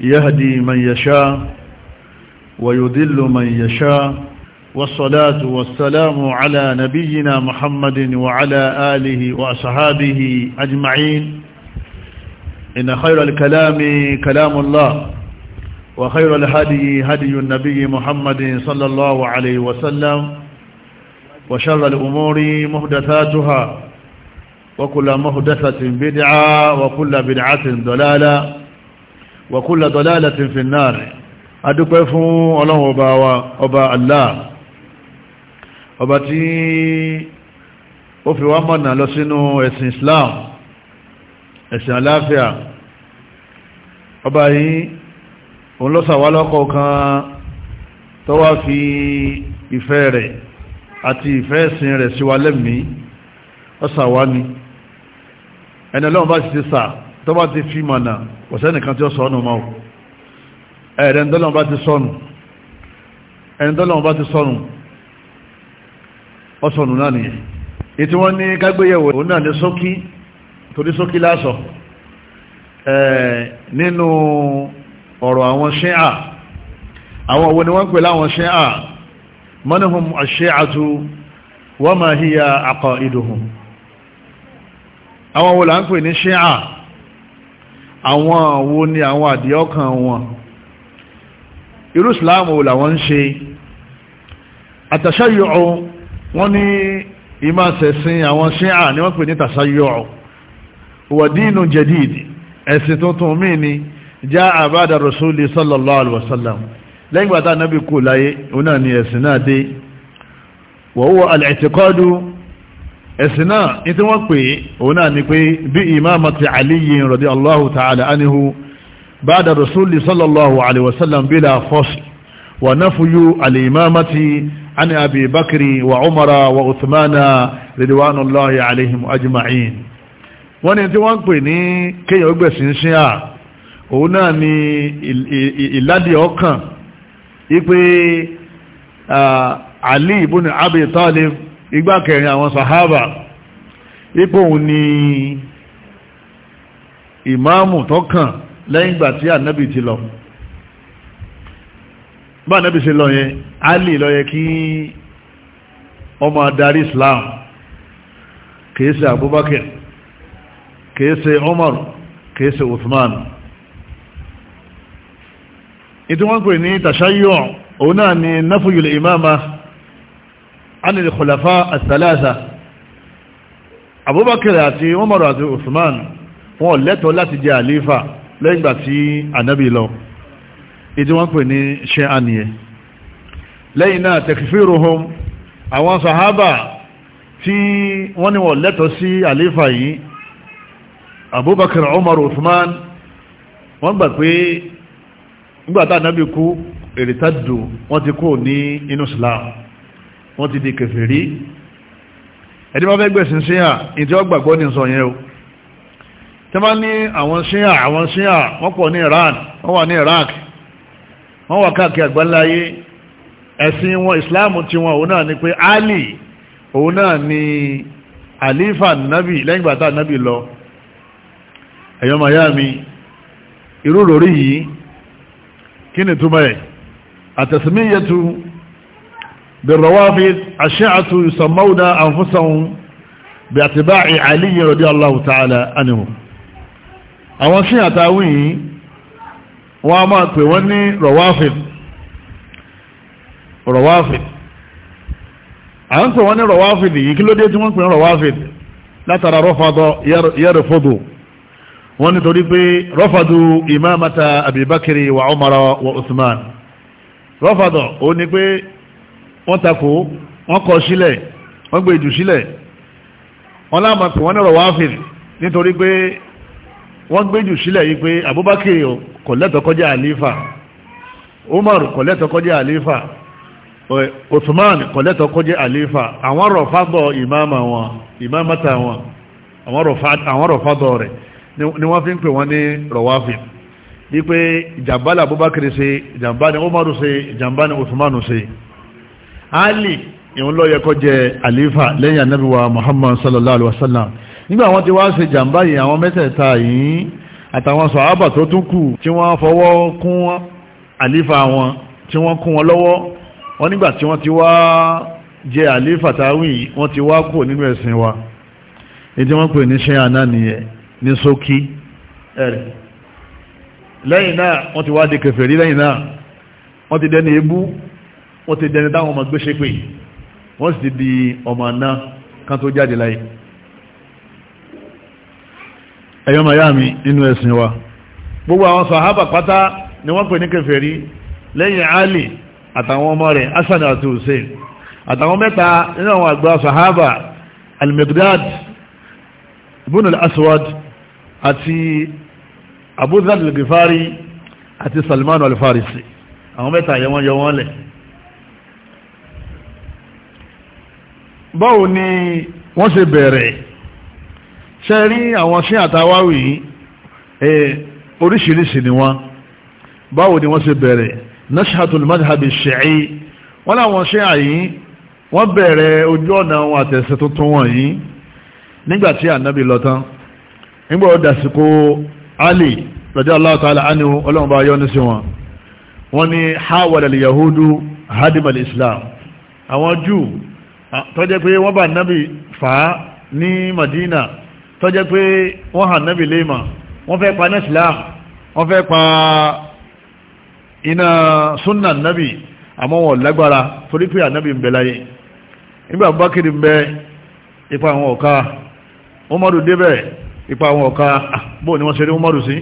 يهدي من يشاء ويذل من يشاء والصلاة والسلام على نبينا محمد وعلى آله وأصحابه أجمعين إن خير الكلام كلام الله وخير الهدي هدي النبي محمد صلى الله عليه وسلم وشر الأمور مهدثاتها وكل مهدثة بدعة وكل بدعة ضلالة وكل ضلالة في النار adúpẹ́ fún ọlọ́run ọba wa ọba Allah ọba tí ó fi wá mọ̀nà lọ sínú ẹ̀sìn Islam ẹ̀sìn aláfíà ọba yìí òun ló ṣàwá lọ́kọ̀ọ̀kan tó wá fi ìfẹ́ rẹ̀ àti ìfẹ́ ẹ̀sìn rẹ̀ síwá lẹ́mìí ó ṣàwá ni ẹni ọlọ́run bá sì ti sà tó bá ti fi mọ̀nà ọ̀sẹ́nìkan tí ó sọ́nù mọ́ ẹ̀rẹ̀ ńdọ́lọ́wọ́ bá ti sọ́nù ẹ̀rẹ̀ ńdọ́lọ́wọ́ bá ti sọ́nù ọ̀sọ̀nù náà nìyẹn ìtí wọ́n ní kágbéyẹ̀wò òun náà ní sókí torí sókí lásọ̀ nínú ọ̀rọ̀ àwọn ṣíà àwọn òwe ni wọ́n pè láwọn ṣíà manhum ash-shi'atu wa ma hiya aqaiduhum àwọn òwe là ń pè ní ṣíà àwọn wo ni àwọn àdíọ́kàn wọn irú ìsìláàmù wò làwọn ń ṣe àtàṣáyọ̀ wọn ní ìmáṣẹ̀sìn àwọn ṣíà ni wọ́n pè ní tàṣáyọ̀ wàdínú jẹ̀dìdì ẹ̀sìn tuntun míì ni já àbádà rasúlì sallallahu alaihi wasallam ẹ̀sìn náà ní tí wọ́n pè òun náà ni pé bí imamati aliyin radiyallahu ta'ala anihu bada rasuli sallallahu alaihi wasallam bila fasl wa nafuyu al-imamati عن أبي بكر وعمر وعثمان رضوان الله عليهم أجمعين wọ́n ni tí wọ́n ń pè ní kéyàn ọgbẹ̀sìn ṣe à òun Ali ibn Abi Talib igbá kẹrin àwọn sahaba ipò òun ni ìmáàmù tó kàn lẹ́yìn ìgbà tí ànábì ti lọ bá ànábì ṣe lọ yẹn Ali lọ yẹ kí ọmọ adarí Islam kìí ṣe Abubakar kìí ṣe Umar Uthman ìtí wọ́n pè ní tàṣáyọ̀ òun náà ni náfúyùlẹ̀ ìmáàmà anil khulafa asalasa abubakar àti umar àti usman wọn lẹ́tọ̀ láti jẹ àlífà lẹ́yìngbà tí anabi lọ ìdí wọ́n pè ní ṣe àníyẹ lẹ́yìn náà takfiruhum àwọn sahaba tí wọ́n ní wọ́n lẹ́tọ̀ sí àlífà yìí abubakar umar usman wọ́n gbà pé nígbàtà anabi kú èrìtàdù wọ́n ti kú ní inú islam wọ́n ti di kèfèrí ẹni bá fẹ́ gbẹ̀sìn síyà ìdí ọgbàgbọ́ ní sọ yẹn o tí wọ́n ní àwọn síyà àwọn síyà wọ́n pọ̀ ní Iran wọ́n wà ní Iraq wọ́n wà káàkiri àgbáláyé ẹ̀sìn wọn Islam ti wọn òun náà ni pé Ali òun náà ni àlífà Nabi, lẹ́yìn bàtà nábì lọ ẹ̀yọ́ miami irú lórí yìí kí ni túmọ̀ ẹ̀ àtẹ̀sìmíyẹtu بالروافد الشيعة يسمون أنفسهم باعتباع علي رضي الله تعالى عنه àwọn ṣíyà tàwí wọ́n a máa pè wọ́n ní rọ̀wáfid rọ̀wáfid a ń pè wọ́n ní rọ̀wáfid yìí kí ló dé tí wọ́n pè ní rọ̀wáfid látara rọ́fàdọ̀ yẹ́rẹ̀fọ́dọ̀ wọ́n ni torí pé rọ́fàdù imamata abubakiri wa umara wa usman rọ́fàdọ̀ ó ní pé wọ́n tako wọ́n kọ sílẹ̀ wọ́n gbé jù sílẹ̀ wọ́n láàmà pé wọ́n nọ̀rọ̀ wáfìn nítorí pé wọ́n gbé jù sílẹ̀ pé Abubakar kò lẹ́tọ̀ọ́ àlífà Umar kò lẹ́tọ̀ọ́ àlífà Uthman kò lẹ́tọ̀ọ́ àlífà àwọn rọ̀ fábọ̀ ìmáàmà wọn wọn àwọn rọ̀ fábọ̀ ni wọ́n fi ń wọ́n ní ìjàmbá ali ìhun ló yẹ kó jẹ àlífà lẹ́yìn ànábì wa sallallahu alaihi wasallam nígbà wọ́n ti wá ṣe jàǹbá yìí àwọn mẹ́tẹ̀ẹ̀ta yìí àtàwọn sàhábà tó tún kù tí wọ́n fọwọ́ kún àlífà wọn tí wọ́n kún wọn lọ́wọ́ wọ́n nígbà tí wọ́n ti wá jẹ àlífà táwìn wọ́n ti wá kù nínú ẹ̀sìn wa ètí wọ́n pè ní ṣe àná nìyẹn ní ṣókí lẹ́yìn náà wọ́n ti wá di kèfèrí lẹ́yìn náà wọ́n ti dẹ́ni ebú ó ti dẹni táwọn ọmọ gbéṣe pé wọ́n sì di ọmọ náà kan tó jáde láyé ẹ̀yọ́ miami nínú ẹ̀sìn wa gbogbo àwọn sàhábà pátá ni wọ́n pè ní kèfèrí lẹ́yìn Ali àtàwọn ọmọ rẹ̀ Hasan àti Hussein àtàwọn mẹ́ta nínú àwọn àgbà sàhábà al-Miqdad ibn al-Aswad àti Abu Dharr al-Ghifari àti Salman al-Farisi àwọn mẹ́ta yẹwọ́n yẹwọ́n lẹ̀ báwo ni wọ́n ṣe bẹ̀rẹ̀ ṣe rí àwọn sí àtàwáwì oríṣiríṣi ni wọ́n báwo ni wọ́n ṣe bẹ̀rẹ̀ nashatul madhhab ash-shi'i wọ́n láwọn sí àyí wọ́n bẹ̀rẹ̀ ojú ọ̀nà àwọn àtẹ̀sẹ̀ tuntun wọ̀nyí nígbàtí ànábì lọ́tán nígbà ó dàsìkò Ali radiyallahu ta'ala àwọn Júù tọ́jẹ́ pé wọ́n bá nábì fàá ní Madina tọ́jẹ́ pé wọ́n hàn nábì léèmà wọ́n fẹ́ pa Islam wọ́n fẹ́ pa iná súnà nábì àmọ́ wọn lágbára torí pé ànábì ń bẹ láyé nígbà bákìrì ń bẹ ipa àwọn ọ̀ka ipa àwọn ọ̀ka bóò ni wọ́n ṣe rí Umaru sí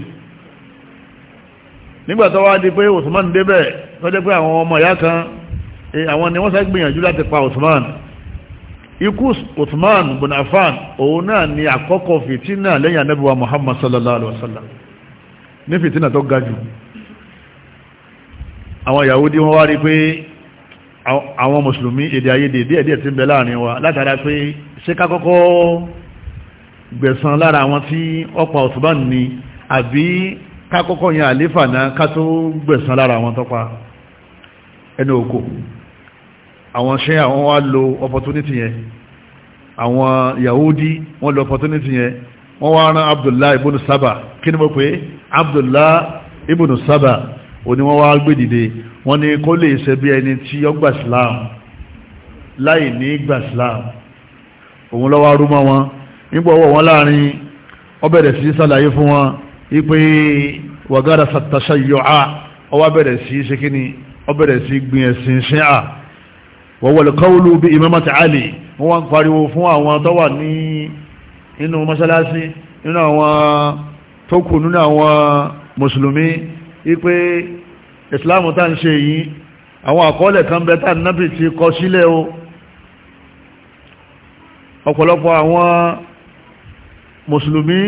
nígbà tó wá di pé Usman débẹ̀ tọ́jẹ́ pé àwọn ọmọ ìyá kan àwọn ni wọ́n sá gbìyànjú láti pa Usman ikú Uthman bin Affan òun náà ni àkọ́kọ́ fìtínà lẹ́yìn Ànábì wa Muhammad sallallahu alaihi wasallam ní fìtínà tó gajù àwọn Yahudi wọ́n wá rí pé àwọn mùsùlùmí èdè àìyedè díẹ̀díẹ̀ tí ń bẹ láàrin wa látara pé ṣé ká kọ́kọ́ lára àwọn tí ọpa Uthman ni àbí ká kọ́kọ́ yan àlífà náà ká tó gbẹ̀san lára àwọn tọ́pa ẹni òkò àwọn ṣe àwọn wá lo opportunity yẹn àwọn yahudi wọ́n lo opportunity yẹn wọ́n wá rán abdullah ibn saba kí ni mo pé abdullah ibn saba o ni wọ́n wá gbé dìde wọ́n ní kó lè ṣe bí ẹni tí ó gbà islam láì ní gbà islam òun lọ́wọ́ rúmọ́ wọn nígbà ọwọ́ wọn láàrin ó bẹ̀rẹ̀ sí sàlàyé fún wọn wípé wàgára sàtàṣà yọ̀á ó bẹ̀rẹ̀ sí ṣe kí ni ó bẹ̀rẹ̀ sí gbìyànjú ṣe à wọ̀wọ̀lẹ̀ kọ́wọ́lù bí imama ta'ali wọ́n wá ń pariwo fún àwọn tó wà ní inú mọ́ṣálásí nínú àwọn tó kù nínú àwọn mùsùlùmí wípé islamu tá ń ṣe yìí àwọn àkọọ́lẹ̀ kan bẹ tá nábì ti kọ sílẹ̀ o ọ̀pọ̀lọpọ̀ àwọn mùsùlùmí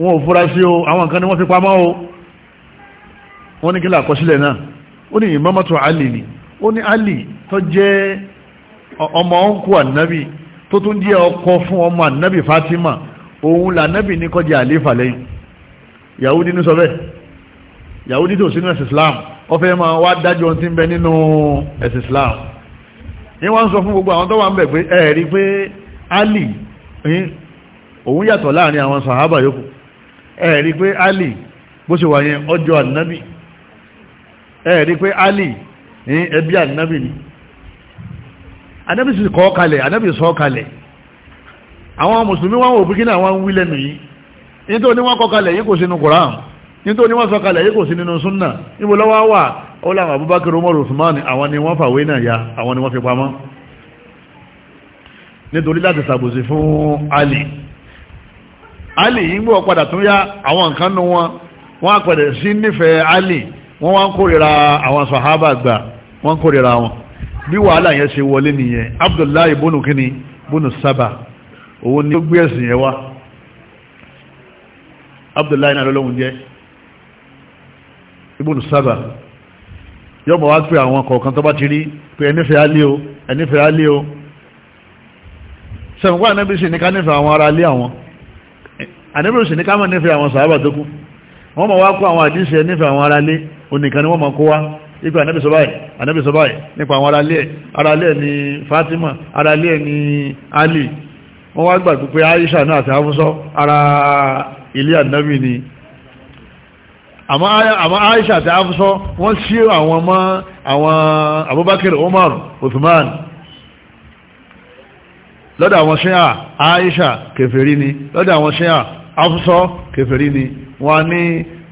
wọn ò fúra sí o àwọn kan ni wọ́n fi pamọ́ o wọ́n ní kí ó ní Ali tó jẹ́ ọmọ ọ̀nkú ànábì tó tún jẹ́ ọkọ fún ọmọ ànábì Fatima òun lànábì ní kọjá àléfà lẹ́yìn Yahudi ní sọ bẹ́ẹ̀ Yahudi tó sínú ẹ̀sìn Islam ọfẹ́ máa wá dájọ́ tí ń bẹ nínú ẹ̀sìn Islam ní wọ́n sọ fún gbogbo àwọn tó wà ń bẹ̀ pé ẹ̀rí pé Ali òun yàtọ̀ láàrin àwọn sàhábà yòókù ẹ̀rí pé Ali bó ṣe wà yẹn ọjọ́ ànábì ẹ̀rí pé Ali ní ẹbí ànábì ni ànábì sì kọ́ kalẹ̀ ànábì sọ kalẹ̀ àwọn mùsùlùmí wọn wò bíkínà wọn wí lẹ́nu yìí nítorí wọn kọ́ kalẹ̀ yìí kò sínú koran nítorí wọn sọ kalẹ̀ yìí kò sí nínú súnà níbo lọ́wọ́ wà ó láwọn abubakar umar usman àwọn ni wọ́n fàwé náà ya àwọn ni wọ́n fi pamọ́ nítorí láti sàbòsí fún ali ali yìí ń gbọ́ padà tún yá àwọn nǹkan nu wọn wọ́n á pẹ̀lẹ̀ sí nífẹ̀ẹ́ ali wọ́n wá ń kórìíra àwọn sàhábà gbà wọ́n ń kórìíra wọn bí wàhálà yẹn ṣe wọlé nìyẹn abdullahi bónú kíni bónú sábà òun ni ó gbé ẹ̀sìn yẹn wá abdullahi náà lọ́lọ́hun jẹ́ ibùn sábà yọ́ mọ̀ wá pé àwọn kọ̀ọ̀kan tó bá ti rí pé ẹnífẹ́ alé o ẹnífẹ́ alé o onìkan ni wọ́n máa kó wá ipe ànábì sọ nípa àwọn aráalé aráalé ni Fatima aráalé ni Ali wọ́n wá gbàgbé pé Aisha náà àti afúnṣọ́ ara ilé ànábì ni àmọ́ Aisha àti afúnṣọ́ wọ́n sí àwọn ọmọ àwọn Abubakar Omar Uthman lọ́dọ̀ àwọn ṣíà Aisha kèfèrí ni lọ́dọ̀ àwọn ṣíà afúnṣọ́ kèfèrí ni wọ́n ní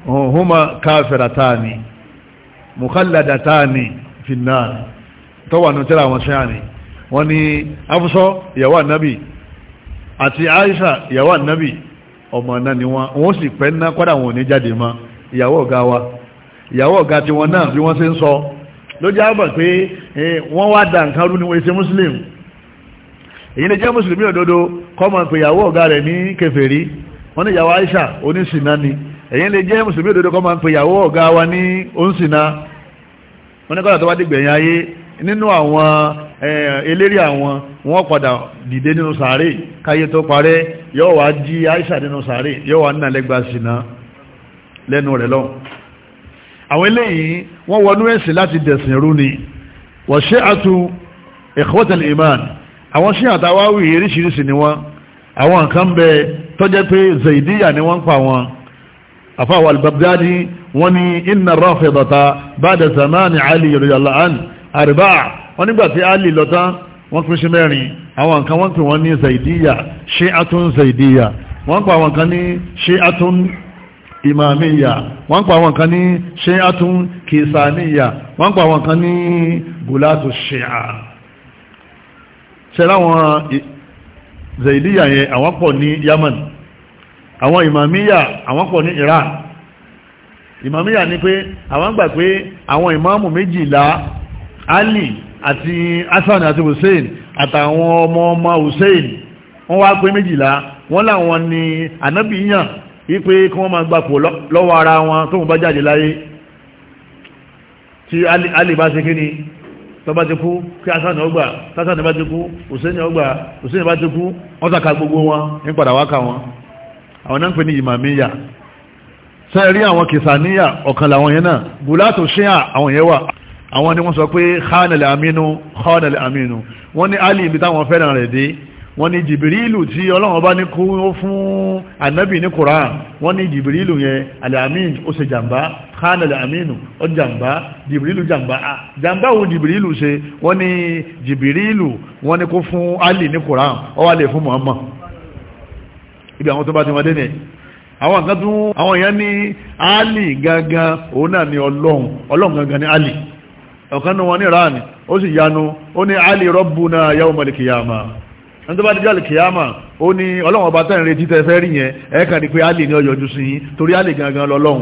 huma kafiratani mukhalladatani finnar tó wà nù tírà wọn ṣe àní wọ́n ní afúsọ́ ìyàwó ànábì àti aisha ìyàwó ànábì ọmọ náà ni wọ́n wọ́n sì pẹ́ ná kọ́dà wọn ò ní jáde mọ́ ìyàwó ọ̀gá wa ìyàwó ọ̀gá ti wọn náà bí wọ́n ṣe ń sọ ló jẹ́ àbọ̀ pé wọ́n wá dà nǹkan ni wọ́n ṣe muslim èyí lè jẹ́ mùsùlùmí òdodo kọ́mọ̀ pé ìyàwó ọ̀gá rẹ̀ ní kèfèrí wọ́n ní ìyàwó aisha oníṣìnà ni ẹ̀yin lè jẹ́ mùsùlùmí òdodo kọ́ máa ń pe ìyàwó ọ̀gá wa ní oúnsìnà wọn ní kọ́lá tó wá dìgbẹ̀yìn ayé nínú àwọn eléré àwọn wọ́n padà dìde nínú sàárè káyé tó parẹ́ yóò wá jí Aisha nínú sàárè yóò wá nínú ẹlẹ́gbà sínà lẹ́nu rẹ̀ lọ́wọ́ àwọn eléyìí wọ́n wọnú ẹ̀sìn láti dẹ̀sìn rú ni wọ́n ṣe àtú ikhwatul iman àwọn ṣe àtàwáwì eríṣiríṣi ni wọ́n àwọn nǹkan bẹ tọ́jẹ́ pé zaidiya ni wọ́n ń pa wọn afáwà al-Baghdadi wọ́n ní inna rafidata ba'da zamani Ali radiyallahu anhu arba'a wọ́n nígbàtí Ali lọ́tán wọ́n pín sí mẹ́rin àwọn nǹkan wọ́n pè wọ́n ní zaidiya shi'atun zaidiya wọ́n pa àwọn kan ní shi'atun imamiya wọ́n pa àwọn kan ní shi'atun kisaniya wọ́n pa àwọn kan ní gulatu shi'a ṣẹlá wọn zaidiya yẹn àwọn pọ̀ ní Yaman àwọn ìmàmíyà àwọn pọ̀ ní Iran ìmàmíyà ni pé àwọn gbà pé àwọn ìmáàmù méjìlá Ali àti asan àti Hussein àtàwọn ọmọ ọmọ Hussein wọ́n wá pé méjìlá wọ́n láwọn ni ànábì yàn wípé kí wọ́n máa gbapò lọ́wọ́ ara wọn tóun bá jáde láyé tí Ali bá ṣe kí ni tọba ti kú kí asani ọgbà tásani bá ti kú Hussein ọgbà Hussein bá ti kú wọ́n sàkà gbogbo wọn ní padà wákà wọn àwọn náà ń pè ní ìmàmíyà sẹ́ẹ̀rí àwọn kìsàníyà ọ̀kan làwọn yẹn náà bùlátò ṣíà àwọn yẹn wà àwọn ni wọ́n sọ pé khanal aminu khanal aminu wọ́n ní ali ibi táwọn fẹ́ràn rẹ̀ dé wọ́n ní jìbìrìlù tí ọlọ́run bá ní kú fún anabi ní koran wọ́n ní jìbìrìlù yẹn alamin ó ṣe jàmbá khanal aminu ó jàmbá jìbìrìlù jàmbá ali ní koran ó wá lè ibi àwọn tó bá ti wọn dé nìyẹn àwọn nǹkan tún àwọn èèyàn ní ali gangan òun náà ni ọlọ́run ọlọ́run gangan ni ali ọ̀kan náà wọn ní ìran ó sì yanu ó ní ali rabbuna yawmal qiyamah ẹni tó bá dé jọ́lì kìyàmà ó ní ọlọ́run ọba tẹ́rin retí tẹ́ fẹ́ rí yẹn ẹ̀ẹ́kàn ní pé ali ní ọyọ̀jú sí yín torí ali gangan lọ́lọ́run